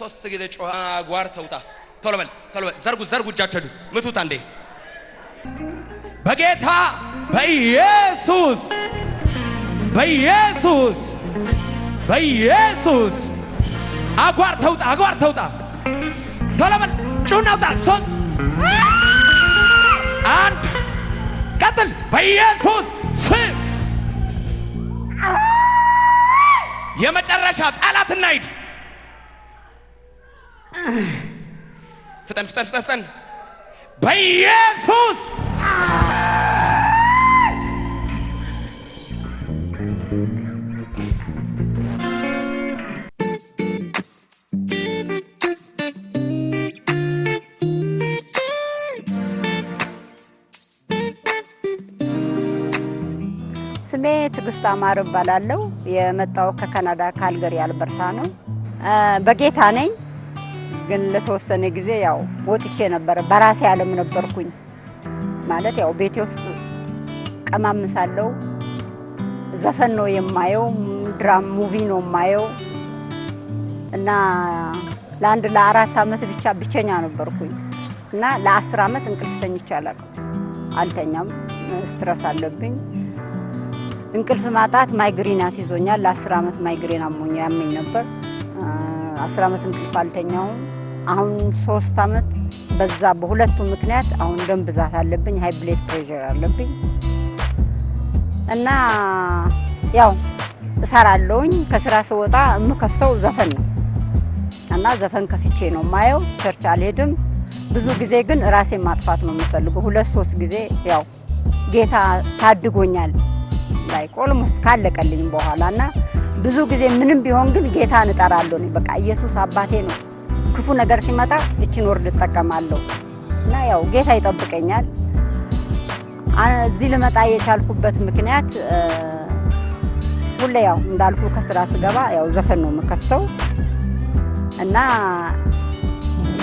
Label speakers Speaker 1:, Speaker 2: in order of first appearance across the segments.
Speaker 1: ሶስት ጊዜ ጮኸ። ጓር ተውጣ ቶሎ በል ቶሎ በል ዘርጉ ዘርጉ እጃቸዱ ምቱት አንዴ በጌታ በኢየሱስ በኢየሱስ በኢየሱስ አጓር ተውጣ አጓር ተውጣ ቶሎ በል ጩና ውጣ ሶን አንድ ቀጥል በኢየሱስ ስም የመጨረሻ ጣላት እናሂድ ፍጠን ፍጠን ፍጠን ፍጠን በኢየሱስ
Speaker 2: ስሜ ትዕግስት አማር እባላለሁ። የመጣው ከካናዳ ካልገሪ አልበርታ ነው። በጌታ ነኝ። ግን ለተወሰነ ጊዜ ያው ወጥቼ ነበረ። በራሴ ዓለም ነበርኩኝ ማለት ያው ቤቴ ውስጥ ቀማምሳለው፣ ዘፈን ነው የማየው፣ ድራም ሙቪ ነው የማየው እና ለአንድ ለአራት ዓመት ብቻ ብቸኛ ነበርኩኝ እና ለአስር ዓመት እንቅልፍ ተኝቼ አላውቅም። አልተኛም፣ ስትረስ አለብኝ። እንቅልፍ ማጣት ማይግሬን አስይዞኛል። ለአስር ዓመት ማይግሬን አሞኛ ያመኝ ነበር። አስር ዓመት እንቅልፍ አልተኛውም። አሁን ሶስት ዓመት በዛ በሁለቱ ምክንያት አሁን ደም ብዛት አለብኝ፣ ሃይ ብሌድ ፕሬዥር አለብኝ እና ያው እሰራለሁኝ። ከስራ ስወጣ የምከፍተው ዘፈን ነው እና ዘፈን ከፍቼ ነው ማየው ቸርች አልሄድም ብዙ ጊዜ ግን ራሴን ማጥፋት ነው የምፈልገው። ሁለት ሶስት ጊዜ ያው ጌታ ታድጎኛል ላይ ኦልሞስት ካለቀልኝ በኋላ እና ብዙ ጊዜ ምንም ቢሆን ግን ጌታን እጠራለሁ። በቃ ኢየሱስ አባቴ ነው። ክፉ ነገር ሲመጣ እችን ወርድ እጠቀማለሁ እና ያው ጌታ ይጠብቀኛል። እዚህ ልመጣ የቻልኩበት ምክንያት ሁሌ ያው እንዳልኩ ከስራ ስገባ ያው ዘፈን ነው የምከፍተው እና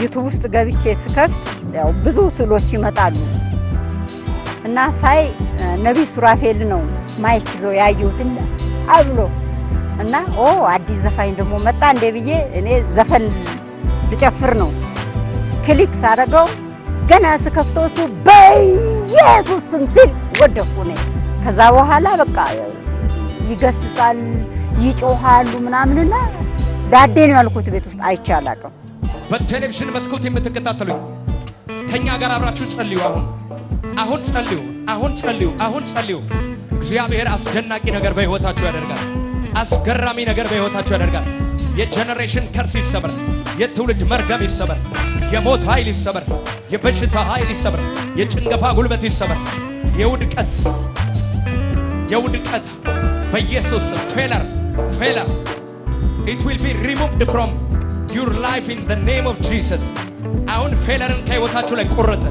Speaker 2: ዩቱብ ውስጥ ገብቼ ስከፍት ያው ብዙ ስዕሎች ይመጣሉ እና ሳይ ነቢይ ሱራፌል ነው ማይክ ይዞ ያየሁት አብሎ እና ኦ አዲስ ዘፋኝ ደግሞ መጣ እንዴ ብዬ እኔ ዘፈን ልጨፍር ነው ክሊክ ሳደርገው ገና ስከፍቶቱ በኢየሱስ ስም ሲል ወደኩ እኔ። ከዛ በኋላ በቃ ይገስጻል፣ ይጮሃሉ ምናምንና ዳዴ ነው ያልኩት ቤት ውስጥ አይቼ
Speaker 1: በቴሌቪዥን መስኮት የምትከታተሉኝ ከኛ ጋር አብራችሁ ጸልዩ። አሁን አሁን ጸልዩ። አሁን ጸልዩ። አሁን ጸልዩ። እግዚአብሔር አስደናቂ ነገር በሕይወታችሁ ያደርጋል። አስገራሚ ነገር በሕይወታቸው ያደርጋል። የጀነሬሽን ከርስ ይሰበር፣ የትውልድ መርገም ይሰበር፣ የሞት ኃይል ይሰበር፣ የበሽታ ኃይል ይሰበር፣ የጭንገፋ ጉልበት ይሰበር፣ የውድቀት የውድቀት በኢየሱስ ፌለር ፌለር ኢት ዊል ቢ ሪሙቭድ ፍሮም ዩር ላይፍ ኢን ዘ ኔም ኦፍ ጂሰስ። አሁን ፌለርን ከሕይወታችሁ ላይ ቆረጠ።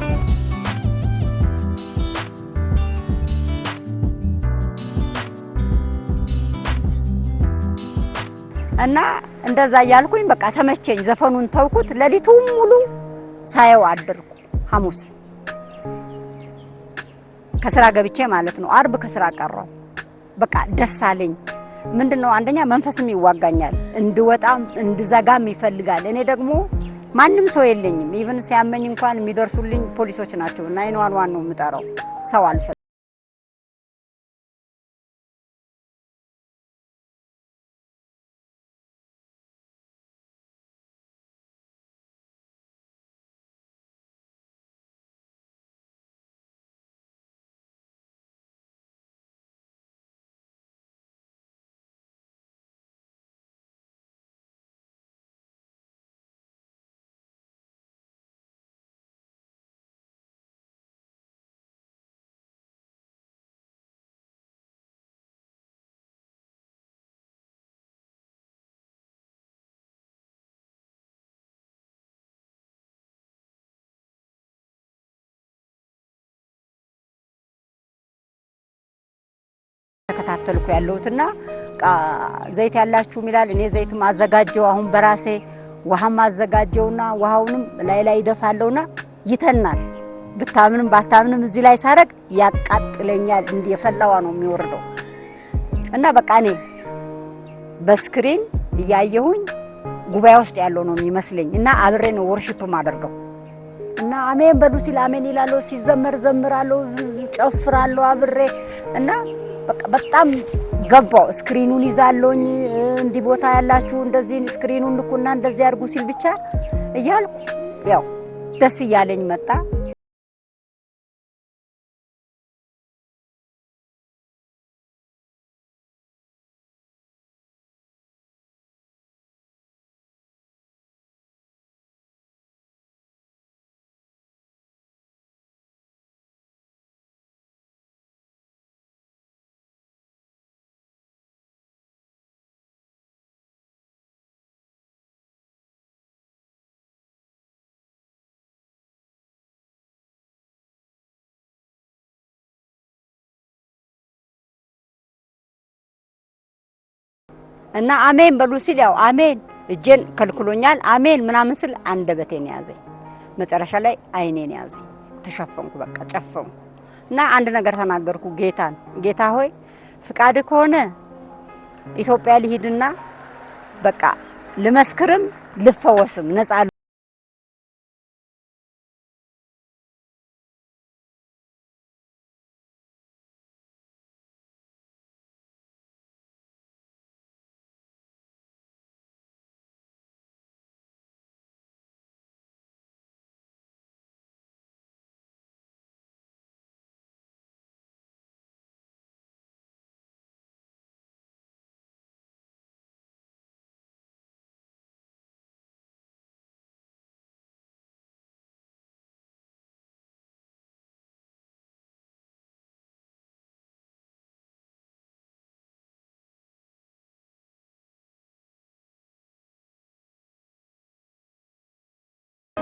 Speaker 2: እና እንደዛ እያልኩኝ በቃ ተመቸኝ። ዘፈኑን ተውኩት። ሌሊቱም ሙሉ ሳየው አድርኩ። ሐሙስ ከስራ ገብቼ ማለት ነው። አርብ ከስራ ቀረው። በቃ ደስ አለኝ። ምንድን ነው አንደኛ መንፈስም ይዋጋኛል፣ እንድወጣም እንድዘጋም ይፈልጋል። እኔ ደግሞ ማንም ሰው የለኝም። ኢቭን ሲያመኝ እንኳን የሚደርሱልኝ ፖሊሶች ናቸው እና ይንዋን ዋን ነው የምጠራው ሰው አልፈ እየተከታተልኩ ያለሁትና ዘይት ያላችሁም ይላል። እኔ ዘይት ማዘጋጀው አሁን በራሴ ውሃም ማዘጋጀውና ውሃውንም ላይ ላይ ይደፋለውና ይተናል። ብታምንም ባታምንም እዚህ ላይ ሳረግ ያቃጥለኛል። እንዲ የፈላዋ ነው የሚወርደው እና በቃ እኔ በስክሪን እያየሁኝ ጉባኤ ውስጥ ያለው ነው የሚመስለኝ እና አብሬ ነው ወርሽፕ ማደርገው እና አሜን በሉ ሲል አሜን ይላለሁ፣ ሲዘመር ዘምራለሁ፣ ጨፍራለሁ አብሬ እና በጣም ገባው። ስክሪኑን ይዛለኝ እንዲህ ቦታ ያላችሁ እንደዚህ ስክሪኑን ልኩና እንደዚህ አድርጉ ሲል ብቻ እያልኩ ያው ደስ እያለኝ መጣ። እና አሜን በሉ ሲል ያው አሜን እጄን ከልክሎኛል አሜን ምናምን ስል አንደበቴን ያዘኝ። መጨረሻ ላይ አይኔን ያዘኝ። ተሸፈንኩ፣ በቃ ጨፈንኩ እና አንድ ነገር ተናገርኩ ጌታን። ጌታ ሆይ ፍቃድ ከሆነ ኢትዮጵያ ልሂድና በቃ ልመስክርም ልፈወስም ነጻ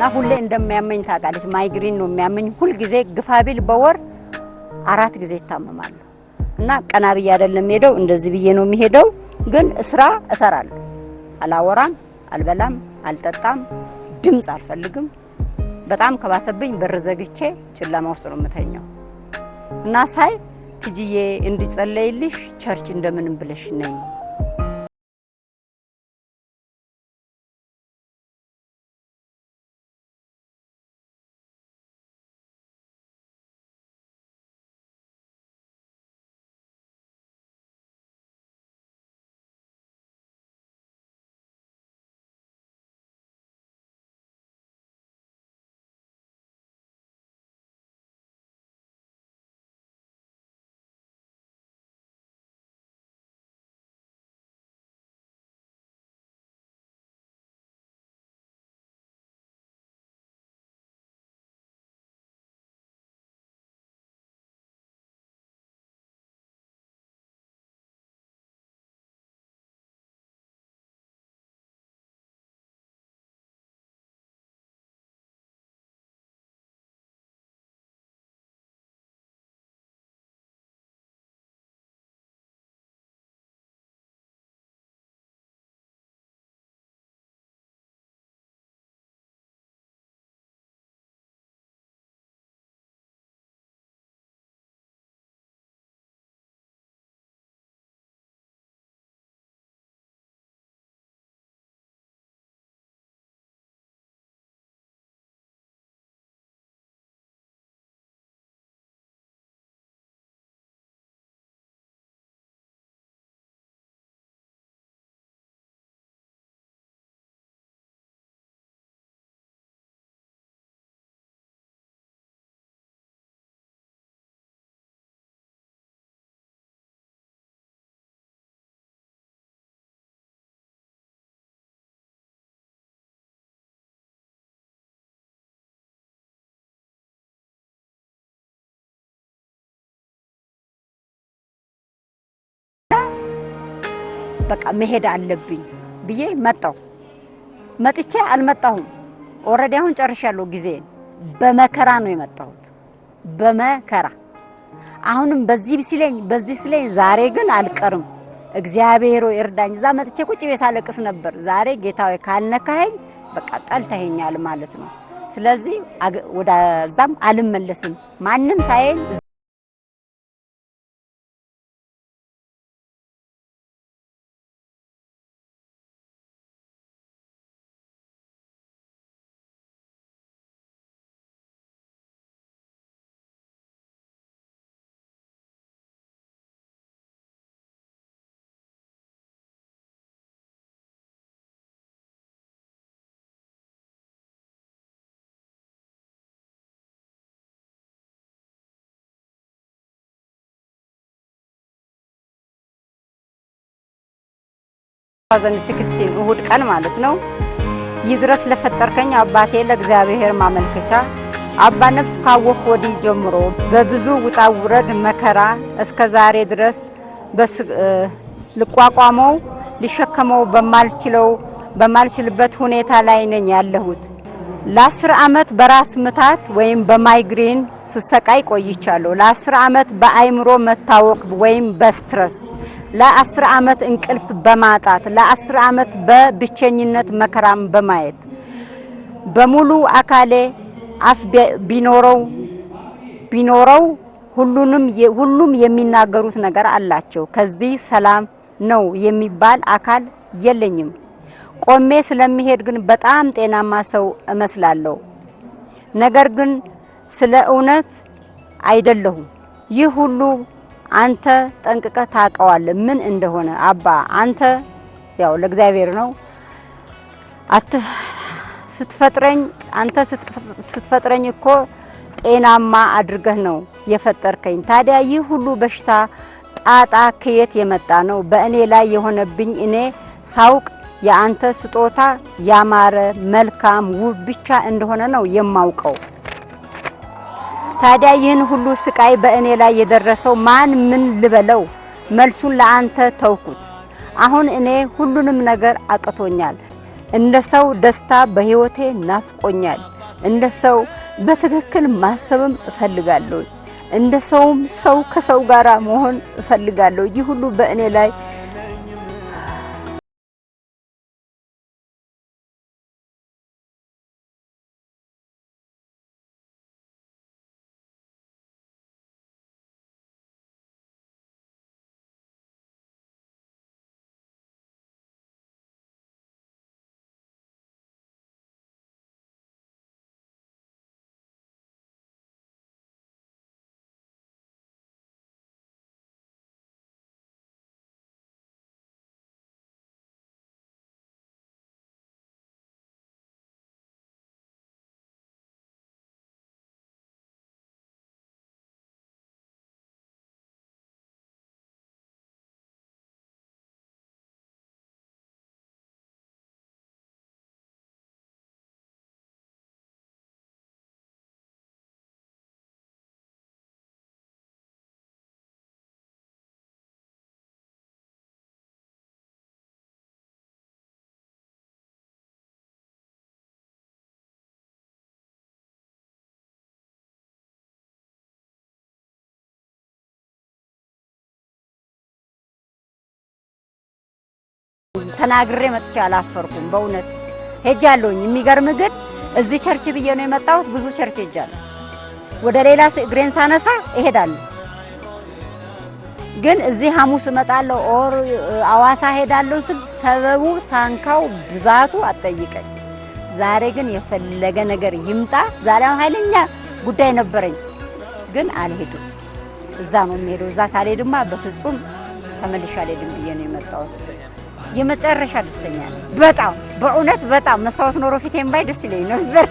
Speaker 2: እና ሁሌ እንደሚያመኝ ታውቃለች። ማይግሪን ነው የሚያመኝ ሁልጊዜ ግፋቢል በወር አራት ጊዜ ይታመማሉ። እና ቀና ብዬ አይደለም ሄደው እንደዚህ ብዬ ነው የሚሄደው። ግን ስራ እሰራለሁ። አላወራም፣ አልበላም፣ አልጠጣም፣ ድምፅ አልፈልግም። በጣም ከባሰብኝ በር ዘግቼ ጨለማ ውስጥ ነው የምተኛው። እና ሳይ ትጅዬ እንዲጸለይልሽ ቸርች እንደምንም ብለሽ ነኝ በቃ መሄድ አለብኝ ብዬ መጣሁ። መጥቼ አልመጣሁም። ኦልሬዲ አሁን ጨርሻለሁ ጊዜን። በመከራ ነው የመጣሁት በመከራ አሁንም በዚህ ሲለኝ በዚህ ሲለኝ፣ ዛሬ ግን አልቀርም እግዚአብሔር እርዳኝ። እዛ መጥቼ ቁጭ ቤት ሳለቅስ ነበር። ዛሬ ጌታዊ ካልነካኸኝ በቃ ጠልተኸኛል ማለት ነው። ስለዚህ ወደዛም አልመለስም። ማንም ሳይል 2016 እሁድ ቀን ማለት ነው። ይድረስ ለፈጠርከኝ አባቴ ለእግዚአብሔር ማመልከቻ አባ ነፍስ ካወቅ ወዲህ ጀምሮ በብዙ ውጣ ውረድ መከራ እስከ ዛሬ ድረስ ልቋቋመው ሊሸከመው በማልችለው በማልችልበት ሁኔታ ላይ ነኝ ያለሁት። ለአስር ዓመት በራስ ምታት ወይም በማይግሬን ስሰቃይ ቆይቻለሁ። ለአስር ዓመት በአይምሮ መታወቅ ወይም በስትረስ ለአስር ዓመት እንቅልፍ በማጣት ለአስር ዓመት በብቸኝነት መከራም በማየት በሙሉ አካሌ አፍ ቢኖረው ቢኖረው ሁሉንም ሁሉም የሚናገሩት ነገር አላቸው። ከዚህ ሰላም ነው የሚባል አካል የለኝም። ቆሜ ስለሚሄድ ግን በጣም ጤናማ ሰው እመስላለሁ። ነገር ግን ስለ እውነት አይደለሁም። ይህ ሁሉ አንተ ጠንቅቀ ታውቀዋለህ ምን እንደሆነ አባ አንተ ያው ለእግዚአብሔር ነው ስትፈጥረኝ አንተ ስትፈጥረኝ እኮ ጤናማ አድርገህ ነው የፈጠርከኝ። ታዲያ ይህ ሁሉ በሽታ ጣጣ ከየት የመጣ ነው? በእኔ ላይ የሆነብኝ እኔ ሳውቅ የአንተ ስጦታ ያማረ መልካም ውብ ብቻ እንደሆነ ነው የማውቀው። ታዲያ ይህን ሁሉ ስቃይ በእኔ ላይ የደረሰው ማን? ምን ልበለው? መልሱን ለአንተ ተውኩት። አሁን እኔ ሁሉንም ነገር አቅቶኛል። እንደ ሰው ደስታ በሕይወቴ ናፍቆኛል። እንደ ሰው በትክክል ማሰብም እፈልጋለሁ። እንደ ሰውም ሰው ከሰው ጋር መሆን እፈልጋለሁ። ይህ ሁሉ በእኔ ላይ ተናግሬ መጥቼ አላፈርኩም። በእውነት ሄጃለሁኝ። የሚገርም ግን እዚህ ቸርች ብዬ ነው የመጣሁት። ብዙ ቸርች ሄጃለሁ። ወደ ሌላ እግሬን ሳነሳ እሄዳለሁ፣ ግን እዚህ ሐሙስ እመጣለሁ፣ ኦር አዋሳ ሄዳለሁ ስል ሰበቡ፣ ሳንካው፣ ብዛቱ አጠይቀኝ። ዛሬ ግን የፈለገ ነገር ይምጣ። ዛሬ ኃይለኛ ጉዳይ ነበረኝ፣ ግን አልሄድም። እዛ ነው የሚሄደው። እዛ ሳልሄድማ በፍጹም ተመልሼ አልሄድም ብዬ ነው የመጣሁት። የመጨረሻ ደስተኛ ነኝ። በጣም በእውነት በጣም መስታወት ኖሮ ፊቴን ባይ ደስ ይለኝ ነበር።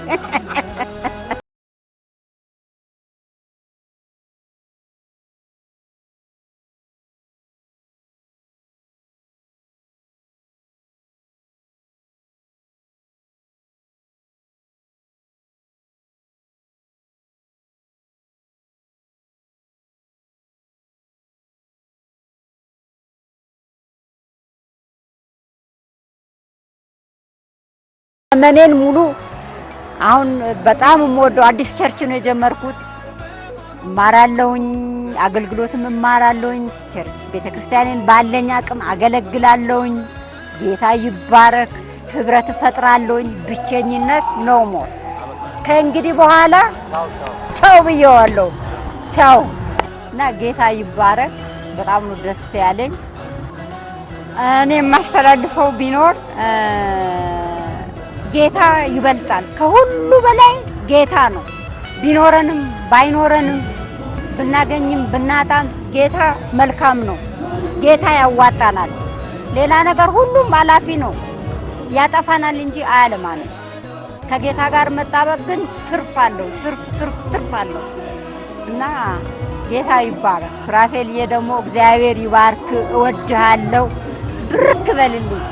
Speaker 2: ዘመኔን ሙሉ አሁን በጣም የምወደው አዲስ ቸርች ነው የጀመርኩት። እማራለሁኝ፣ አገልግሎትም እማራለሁኝ። ቸርች ቤተክርስቲያኔን ባለኝ አቅም አገለግላለሁኝ። ጌታ ይባረክ። ህብረት እፈጥራለሁኝ። ብቸኝነት ነው ሞ ከእንግዲህ በኋላ ቻው ብየዋለሁ። ቸው እና ጌታ ይባረክ። በጣም ነው ደስ ያለኝ። እኔ የማስተላልፈው ቢኖር ጌታ ይበልጣል። ከሁሉ በላይ ጌታ ነው። ቢኖረንም ባይኖረንም ብናገኝም ብናጣም ጌታ መልካም ነው። ጌታ ያዋጣናል። ሌላ ነገር ሁሉም አላፊ ነው። ያጠፋናል እንጂ አያለማንም። ከጌታ ጋር መጣበቅ ግን ትርፍ አለው። ትርፍ ትርፍ ትርፍ አለው እና ጌታ ይባረክ። ሱራፌልዬ ደግሞ እግዚአብሔር ይባርክ። እወድሃለሁ። ብርክ በልልኝ